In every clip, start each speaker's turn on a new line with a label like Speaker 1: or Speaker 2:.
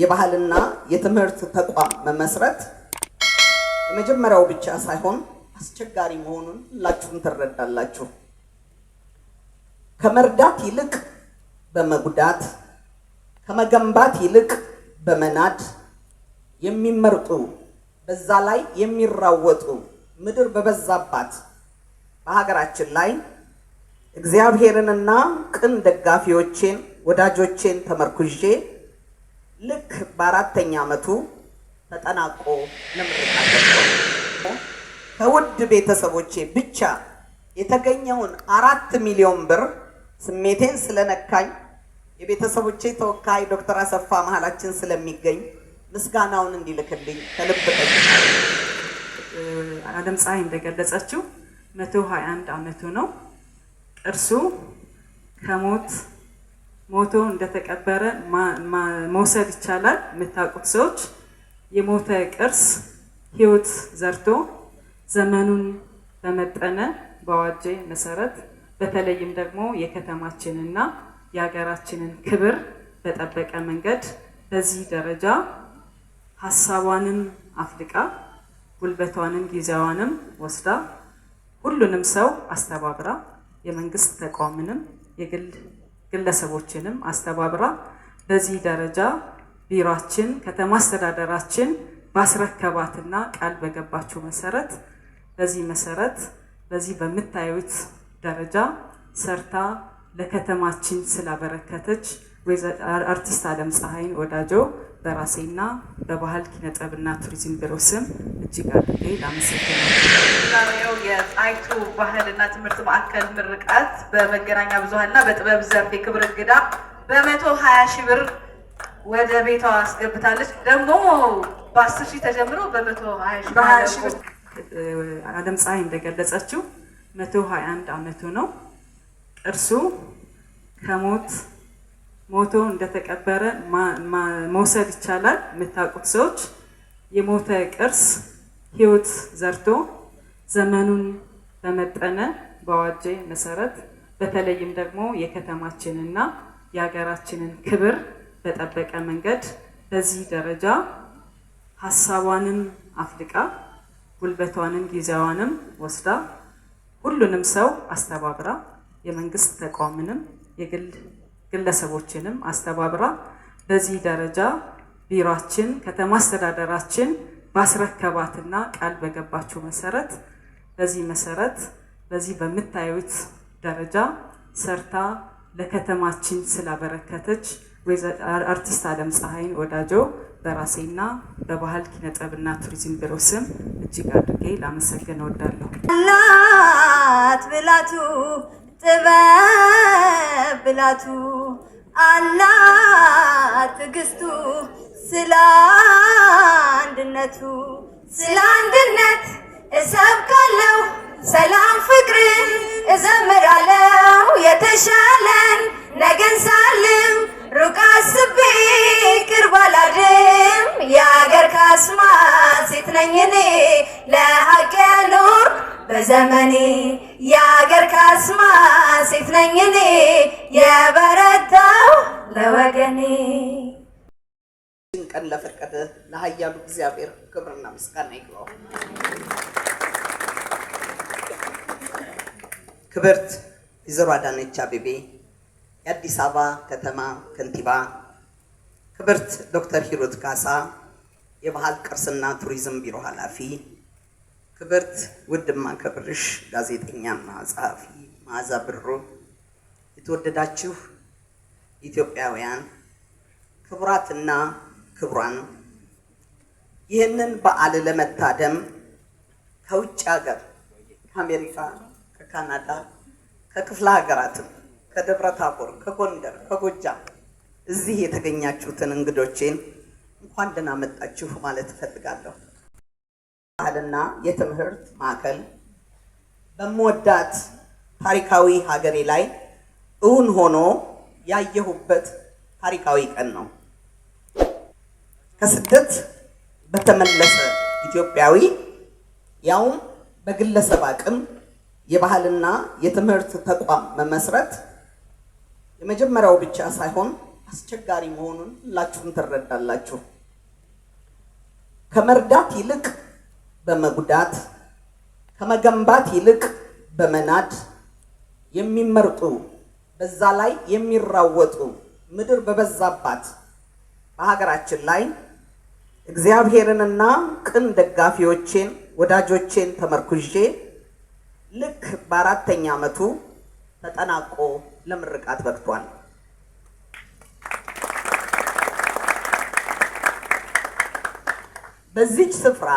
Speaker 1: የባህልና የትምህርት ተቋም መመስረት የመጀመሪያው ብቻ ሳይሆን አስቸጋሪ መሆኑን ሁላችሁም ትረዳላችሁ። ከመርዳት ይልቅ በመጉዳት ከመገንባት ይልቅ በመናድ የሚመርጡ በዛ ላይ የሚራወጡ ምድር በበዛባት በሀገራችን ላይ እግዚአብሔርንና ቅን ደጋፊዎቼን ወዳጆቼን ተመርኩዤ ልክ በአራተኛ ዓመቱ ተጠናቆ ንምርቃ ከውድ ቤተሰቦቼ ብቻ የተገኘውን አራት ሚሊዮን ብር ስሜቴን ስለነካኝ የቤተሰቦቼ ተወካይ ዶክተር አሰፋ መሀላችን ስለሚገኝ ምስጋናውን እንዲልክልኝ ከልብ
Speaker 2: አለም ፀሐይ እንደገለጸችው መቶ ሀያ አንድ ዓመቱ ነው። እርሱ ከሞት ሞቶ እንደተቀበረ መውሰድ ይቻላል። የምታውቁት ሰዎች የሞተ ቅርስ ህይወት ዘርቶ ዘመኑን በመጠነ በዋጀ መሰረት በተለይም ደግሞ የከተማችንና የሀገራችንን ክብር በጠበቀ መንገድ በዚህ ደረጃ ሀሳቧንም አፍልቃ ጉልበቷንም ጊዜዋንም ወስዳ ሁሉንም ሰው አስተባብራ የመንግስት ተቋምንም የግል ግለሰቦችንም አስተባብራ በዚህ ደረጃ ቢሯችን ከተማ አስተዳደራችን ባስረከባትና ቃል በገባችው መሰረት በዚህ መሰረት በዚህ በምታዩት ደረጃ ሰርታ ለከተማችን ስላበረከተች አርቲስት አለም ፀሐይን ወዳጀው። በራሴና በባህል ኪነጥበብና ቱሪዝም ቢሮ ስም እጅግ አድርጌ
Speaker 3: ላመሰግናለሁ። የጣይቱ ባህልና ትምህርት ማዕከል ምርቃት በመገናኛ ብዙሃንና በጥበብ ዘርፍ የክብር እንግዳ በመቶ ሀያ ሺህ ብር ወደ ቤቷ አስገብታለች። ደግሞ በአስር ሺህ ተጀምሮ በመቶ ሀያ
Speaker 2: ሺህ ብር አለም ፀሐይ እንደገለጸችው መቶ ሀያ አንድ አመቱ ነው እርሱ ከሞት ሞቶ እንደተቀበረ መውሰድ ይቻላል። የምታውቁት ሰዎች የሞተ ቅርስ ህይወት ዘርቶ ዘመኑን በመጠነ በዋጀ መሰረት በተለይም ደግሞ የከተማችንና የሀገራችንን ክብር በጠበቀ መንገድ በዚህ ደረጃ ሀሳቧንም አፍልቃ ጉልበቷንም ጊዜዋንም ወስዳ ሁሉንም ሰው አስተባብራ የመንግስት ተቋምንም የግል ግለሰቦችንም አስተባብራ በዚህ ደረጃ ቢሯችን ከተማ አስተዳደራችን ባስረከባትና ቃል በገባችው መሰረት በዚህ መሰረት በዚህ በምታዩት ደረጃ ሰርታ ለከተማችን ስላበረከተች አርቲስት አለም ፀሐይን ወዳጆ በራሴና በባህል ኪነጥበብና ቱሪዝም ቢሮ ስም እጅግ አድርጌ ላመሰግን እወዳለሁ። ላት ብላቱ ጥበብ ብላቱ አና ትዕግስቱ ስለ አንድነቱ ስለ አንድነት እሰብካለሁ፣ ሰላም ፍቅርን እዘምራለሁ። የተሻለን
Speaker 1: ነገን ሳልም ሩቅ አስቤ ቅርብ አላድም የአገር ካስማ ሴት ነኝ እኔ በዘመኔ የአገር ካስማ ሴት ነኝ እኔ የበረታው ለወገኔ። ቀን ለፍርቀት ለሀያሉ እግዚአብሔር ክብርና ምስጋና ይግባው። ክብርት ወይዘሮ አዳነች አቤቤ የአዲስ አበባ ከተማ ከንቲባ፣ ክብርት ዶክተር ሂሩት ካሳ የባህል ቅርስና ቱሪዝም ቢሮ ኃላፊ ክብርት ውድማ ከብርሽ ጋዜጠኛና ጸሐፊ መዓዛ ብሩ፣ የተወደዳችሁ ኢትዮጵያውያን፣ ክቡራትና ክቡራን፣ ይህንን በዓል ለመታደም ከውጭ ሀገር ከአሜሪካ፣ ከካናዳ፣ ከክፍለ ሀገራትም ከደብረ ታቦር፣ ከጎንደር፣ ከጎጃም እዚህ የተገኛችሁትን እንግዶቼን እንኳን ደህና መጣችሁ ማለት እፈልጋለሁ። ባህልና የትምህርት ማዕከል በምወዳት ታሪካዊ ሀገሬ ላይ እውን ሆኖ ያየሁበት ታሪካዊ ቀን ነው። ከስደት በተመለሰ ኢትዮጵያዊ ያውም በግለሰብ አቅም የባህልና የትምህርት ተቋም መመስረት የመጀመሪያው ብቻ ሳይሆን አስቸጋሪ መሆኑን ሁላችሁም ትረዳላችሁ። ከመርዳት ይልቅ በመጉዳት ከመገንባት ይልቅ በመናድ የሚመርጡ በዛ ላይ የሚራወጡ ምድር በበዛባት በሀገራችን ላይ እግዚአብሔርንና ቅን ደጋፊዎቼን ወዳጆቼን ተመርኩዤ ልክ በአራተኛ ዓመቱ ተጠናቆ ለምርቃት በቅቷል። በዚች ስፍራ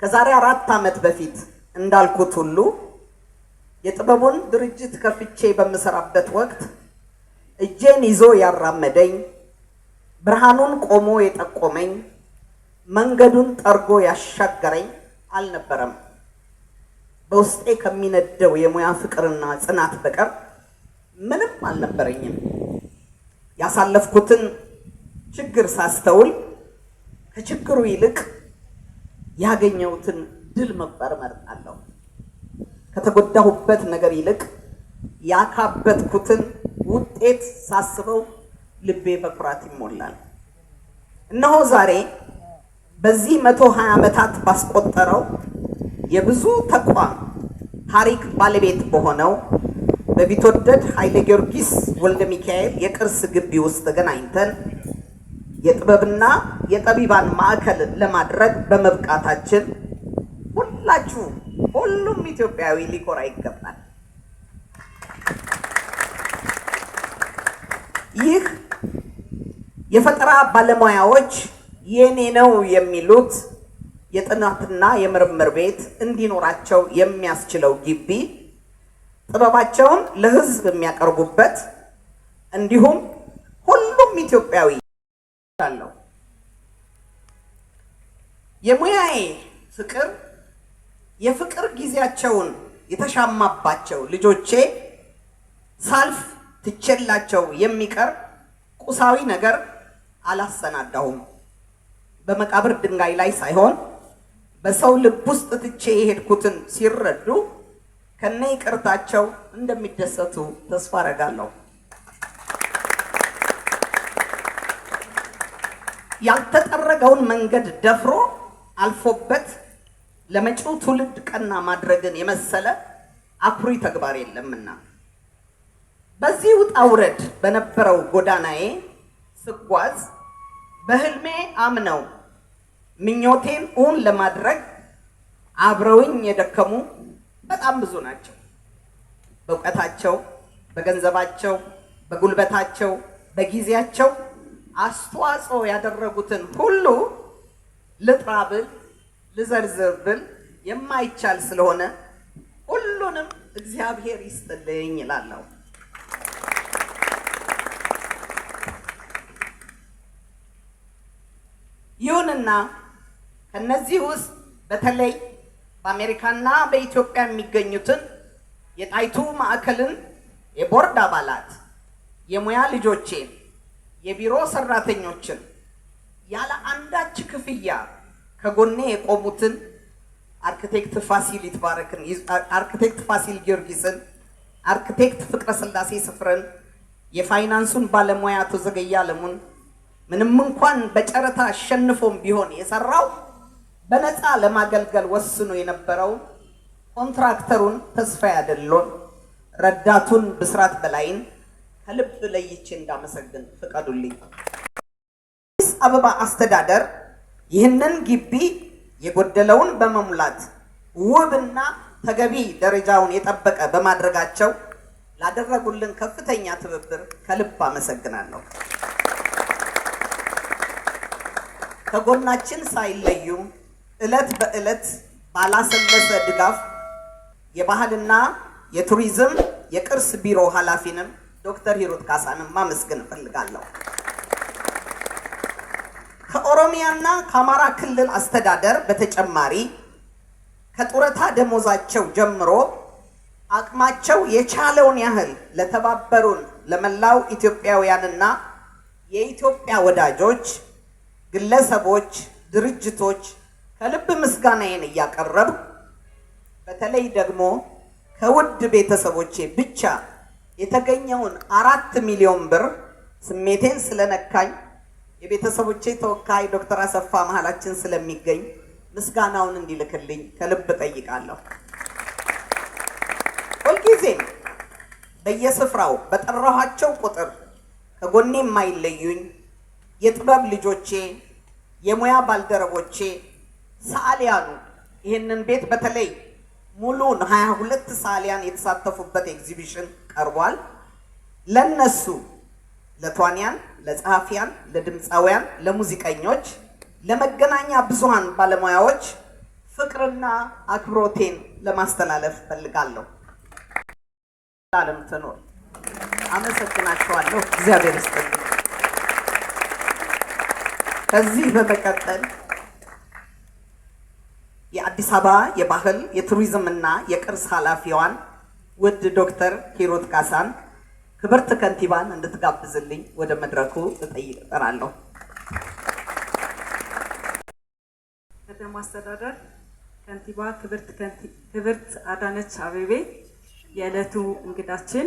Speaker 1: ከዛሬ አራት ዓመት በፊት እንዳልኩት ሁሉ የጥበቡን ድርጅት ከፍቼ በምሰራበት ወቅት እጄን ይዞ ያራመደኝ፣ ብርሃኑን ቆሞ የጠቆመኝ፣ መንገዱን ጠርጎ ያሻገረኝ አልነበረም። በውስጤ ከሚነደው የሙያ ፍቅርና ጽናት በቀር ምንም አልነበረኝም። ያሳለፍኩትን ችግር ሳስተውል ከችግሩ ይልቅ ያገኘሁትን ድል መቁጠር እመርጣለሁ። ከተጎዳሁበት ነገር ይልቅ ያካበትኩትን ውጤት ሳስበው ልቤ በኩራት ይሞላል። እነሆ ዛሬ በዚህ መቶ ሀያ ዓመታት ባስቆጠረው የብዙ ተቋም ታሪክ ባለቤት በሆነው በቢትወደድ ኃይለ ጊዮርጊስ ወልደ ሚካኤል የቅርስ ግቢ ውስጥ ተገናኝተን የጥበብና የጠቢባን ማዕከል ለማድረግ በመብቃታችን ሁላችሁ ሁሉም ኢትዮጵያዊ ሊኮራ ይገባል። ይህ የፈጠራ ባለሙያዎች የኔ ነው የሚሉት የጥናትና የምርምር ቤት እንዲኖራቸው የሚያስችለው ግቢ ጥበባቸውን ለሕዝብ የሚያቀርቡበት እንዲሁም ሁሉም ኢትዮጵያዊ አለው። የሙያዬ ፍቅር የፍቅር ጊዜያቸውን የተሻማባቸው ልጆቼ ሳልፍ ትቼላቸው የሚቀር ቁሳዊ ነገር አላሰናዳሁም። በመቃብር ድንጋይ ላይ ሳይሆን በሰው ልብ ውስጥ ትቼ የሄድኩትን ሲረዱ ከነ ይቅርታቸው እንደሚደሰቱ ተስፋ አረጋለሁ። ያልተጠረገውን መንገድ ደፍሮ አልፎበት ለመጪው ትውልድ ቀና ማድረግን የመሰለ አኩሪ ተግባር የለምና በዚህ ውጣ ውረድ በነበረው ጎዳናዬ ስጓዝ በህልሜ አምነው ምኞቴን እውን ለማድረግ አብረውኝ የደከሙ በጣም ብዙ ናቸው። በእውቀታቸው፣ በገንዘባቸው፣ በጉልበታቸው፣ በጊዜያቸው አስተዋጽኦ ያደረጉትን ሁሉ ልጥራብል ብል ብል የማይቻል ስለሆነ ሁሉንም እግዚአብሔር ይስጥልኝ ይላለሁ። ይሁንና ከነዚህ ውስጥ በተለይ በአሜሪካና በኢትዮጵያ የሚገኙትን የጣይቱ ማዕከልን የቦርድ አባላት የሙያ ልጆቼን የቢሮ ሰራተኞችን ያለ አንዳች ክፍያ ከጎኔ የቆሙትን አርክቴክት ፋሲል ይትባረክን፣ አርክቴክት ፋሲል ጊዮርጊስን፣ አርክቴክት ፍቅረ ስላሴ ስፍርን፣ የፋይናንሱን ባለሙያ አቶ ዘገየ አለሙን ምንም እንኳን በጨረታ አሸንፎም ቢሆን የሰራው በነፃ ለማገልገል ወስኖ የነበረውን ኮንትራክተሩን ተስፋ አደሎን፣ ረዳቱን ብስራት በላይን ከልብ ለይቼ እንዳመሰግን ፍቀዱልኝ። አዲስ አበባ አስተዳደር ይህንን ግቢ የጎደለውን በመሙላት ውብና ተገቢ ደረጃውን የጠበቀ በማድረጋቸው ላደረጉልን ከፍተኛ ትብብር ከልብ አመሰግናለሁ። ከጎናችን ሳይለዩም እለት በእለት ባላሰለሰ ድጋፍ የባህልና የቱሪዝም የቅርስ ቢሮ ኃላፊንም ዶክተር ሂሩት ካሳንም ማመስገን እፈልጋለሁ። ከኦሮሚያና ከአማራ ክልል አስተዳደር በተጨማሪ ከጡረታ ደሞዛቸው ጀምሮ አቅማቸው የቻለውን ያህል ለተባበሩን ለመላው ኢትዮጵያውያንና የኢትዮጵያ ወዳጆች፣ ግለሰቦች፣ ድርጅቶች ከልብ ምስጋናዬን እያቀረብ በተለይ ደግሞ ከውድ ቤተሰቦቼ ብቻ የተገኘውን አራት ሚሊዮን ብር ስሜቴን ስለነካኝ የቤተሰቦቼ ተወካይ ዶክተር አሰፋ መሀላችን ስለሚገኝ ምስጋናውን እንዲልክልኝ ከልብ ጠይቃለሁ። ሁልጊዜም በየስፍራው በጠራኋቸው ቁጥር ከጎኔ የማይለዩኝ የጥበብ ልጆቼ፣ የሙያ ባልደረቦቼ፣ ሰዓሊያኑ ይህንን ቤት በተለይ ሙሉን ሀያ ሁለት ሰዓሊያን የተሳተፉበት ኤግዚቢሽን ቀርቧል። ለነሱ ለተዋንያን፣ ለጸሐፊያን፣ ለድምፃውያን፣ ለሙዚቀኞች፣ ለመገናኛ ብዙሃን ባለሙያዎች ፍቅርና አክብሮቴን ለማስተላለፍ ፈልጋለሁ። ዓለም ትኖር። አመሰግናቸዋለሁ። እግዚአብሔር ይስጥልኝ። ከዚህ በመቀጠል የአዲስ አበባ የባህል የቱሪዝምና የቅርስ ኃላፊዋን ውድ ዶክተር ኪሮት ካሳን ክብርት ከንቲባን እንድትጋብዝልኝ ወደ መድረኩ እጠይቅጠራለሁ።
Speaker 2: ከተማ አስተዳደር ከንቲባ ክብርት አዳነች አቤቤ የዕለቱ እንግዳችን፣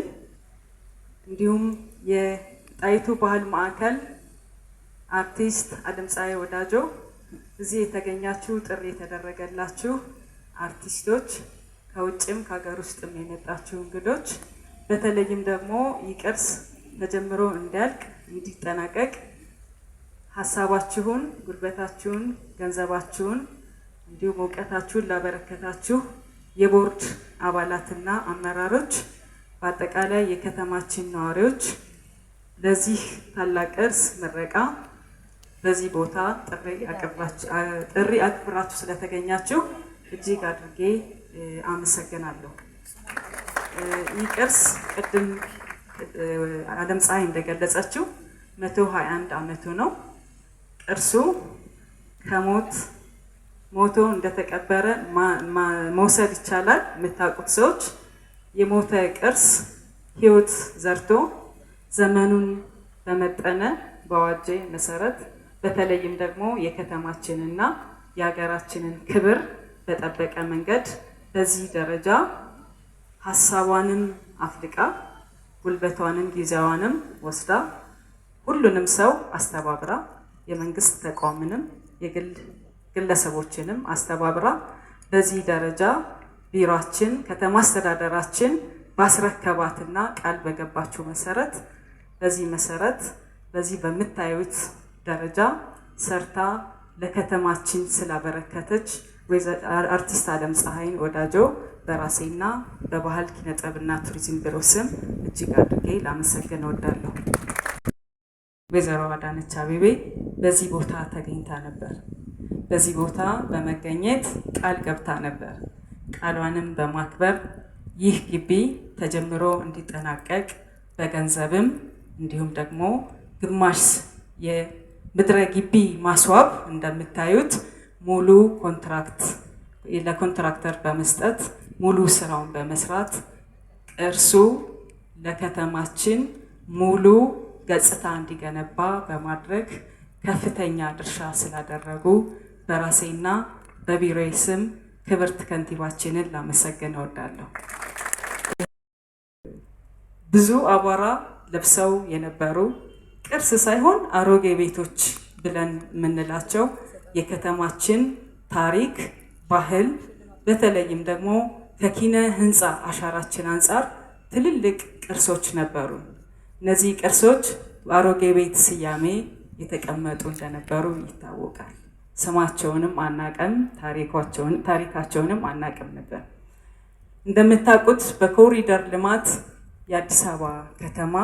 Speaker 2: እንዲሁም የጣይቱ ባህል ማዕከል አርቲስት አለምፀሐይ ወዳጆ፣ እዚህ የተገኛችሁ ጥሪ የተደረገላችሁ አርቲስቶች ከውጭም ከሀገር ውስጥም የመጣችሁ እንግዶች በተለይም ደግሞ ይቅርስ ተጀምሮ እንዲያልቅ እንዲጠናቀቅ ሀሳባችሁን፣ ጉልበታችሁን፣ ገንዘባችሁን እንዲሁም እውቀታችሁን ላበረከታችሁ የቦርድ አባላትና አመራሮች፣ በአጠቃላይ የከተማችን ነዋሪዎች ለዚህ ታላቅ ቅርስ ምረቃ በዚህ ቦታ ጥሪ አቅርባችሁ ስለተገኛችሁ እጅግ አድርጌ አመሰግናለሁ። ይህ ቅርስ ቅድም አለም ፀሐይ እንደገለጸችው መቶ ሀያ አንድ አመቱ ነው። ቅርሱ ከሞት ሞቶ እንደተቀበረ መውሰድ ይቻላል። የምታውቁት ሰዎች የሞተ ቅርስ ህይወት ዘርቶ ዘመኑን በመጠነ በዋጀ መሰረት በተለይም ደግሞ የከተማችንና የሀገራችንን ክብር በጠበቀ መንገድ በዚህ ደረጃ ሀሳቧንም አፍልቃ ጉልበቷንም ጊዜዋንም ወስዳ ሁሉንም ሰው አስተባብራ የመንግስት ተቋምንም የግል ግለሰቦችንም አስተባብራ በዚህ ደረጃ ቢሯችን ከተማ አስተዳደራችን ባስረከባትና ቃል በገባችው መሰረት በዚህ መሰረት በዚህ በምታዩት ደረጃ ሰርታ ለከተማችን ስላበረከተች አርቲስት አለም ፀሐይን ወዳጆ በራሴና በባህል ኪነጥበብና ቱሪዝም ቢሮ ስም እጅግ አድርጌ ላመሰግን እወዳለሁ። ወይዘሮ አዳነች አቤቤ በዚህ ቦታ ተገኝታ ነበር። በዚህ ቦታ በመገኘት ቃል ገብታ ነበር። ቃሏንም በማክበር ይህ ግቢ ተጀምሮ እንዲጠናቀቅ በገንዘብም እንዲሁም ደግሞ ግማሽ የምድረ ግቢ ማስዋብ እንደምታዩት ሙሉ ኮንትራክት ለኮንትራክተር በመስጠት ሙሉ ስራውን በመስራት ቅርሱ ለከተማችን ሙሉ ገጽታ እንዲገነባ በማድረግ ከፍተኛ ድርሻ ስላደረጉ በራሴና በቢሮዬ ስም ክብርት ከንቲባችንን ላመሰግን እወዳለሁ። ብዙ አቧራ ለብሰው የነበሩ ቅርስ ሳይሆን አሮጌ ቤቶች ብለን የምንላቸው የከተማችን ታሪክ፣ ባህል በተለይም ደግሞ ከኪነ ህንፃ አሻራችን አንጻር ትልልቅ ቅርሶች ነበሩ። እነዚህ ቅርሶች በአሮጌ ቤት ስያሜ የተቀመጡ እንደነበሩ ይታወቃል። ስማቸውንም አናቀም፣ ታሪካቸውንም አናቅም ነበር። እንደምታውቁት በኮሪደር ልማት የአዲስ አበባ ከተማ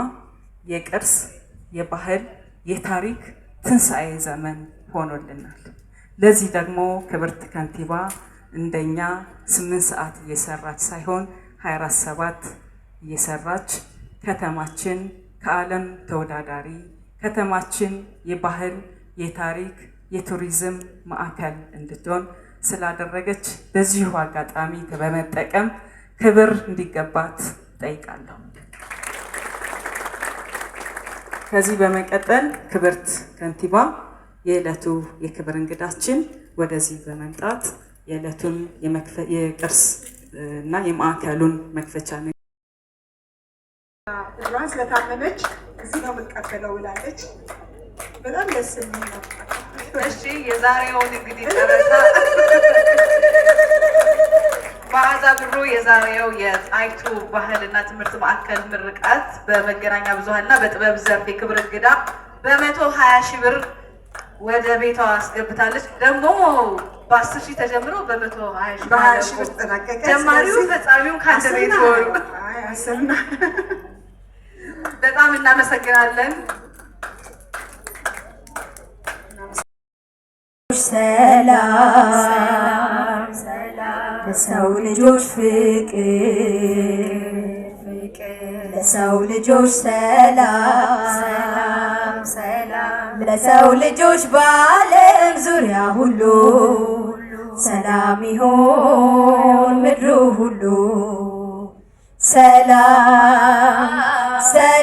Speaker 2: የቅርስ፣ የባህል፣ የታሪክ ትንሣኤ ዘመን ሆኖልናል። ለዚህ ደግሞ ክብርት ከንቲባ እንደኛ ስምንት ሰዓት እየሰራች ሳይሆን 24 ሰባት እየሰራች ከተማችን ከዓለም ተወዳዳሪ ከተማችን የባህል የታሪክ የቱሪዝም ማዕከል እንድትሆን ስላደረገች በዚሁ አጋጣሚ በመጠቀም ክብር እንዲገባት ጠይቃለሁ። ከዚህ በመቀጠል ክብርት ከንቲባ የዕለቱ የክብር እንግዳችን ወደዚህ በመምጣት የዕለቱን የቅርስ እና የማዕከሉን መክፈቻ
Speaker 3: እራን ስለታመመች እዚህ ነው የምትቀበለው ብላለች። በጣም ደስ የሚል ነው። እሺ የዛሬውን እንግዲህ ጨረታ መዓዛ ብሩ የዛሬው የጣይቱ ባህልና ትምህርት ማዕከል ምርቃት በመገናኛ ብዙኃንና በጥበብ ዘርፍ የክብር እንግዳ በመቶ ሀያ ሺህ ብር ወደ ቤቷ አስገብታለች። ደግሞ በአስር ሺህ ተጀምሮ በመቶ ሀያ ጀማሪው ፈጻሚው ከአንድ ቤት ሆኑ። በጣም እናመሰግናለን። ሰላም ለሰው ልጆች ፍቅር ለሰው ልጆች ሰላም ሰላም ለሰው ልጆች በዓለም ዙሪያ ሁሉ ሰላም ይሁን ምድሩ ሁሉ ሰላም